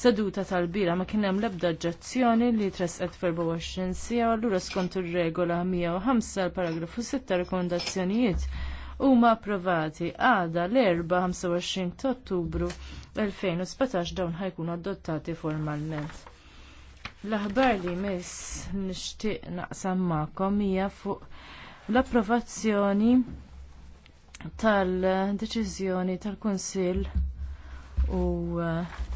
seduta tal-bira ma kien hemm l-ebda oġġezzjoni li tresqet 24 sija u allura skont ir-regola 105 paragrafu 6 rekomendazzjonijiet huma approvati għada l-4 25 ta' Ottubru 2017 dawn ħajkunu adottati formalment. L-aħbar li miss nixtieq naqsam magħkom hija fuq l-approvazzjoni tal-deċiżjoni tal-Kunsill u eh,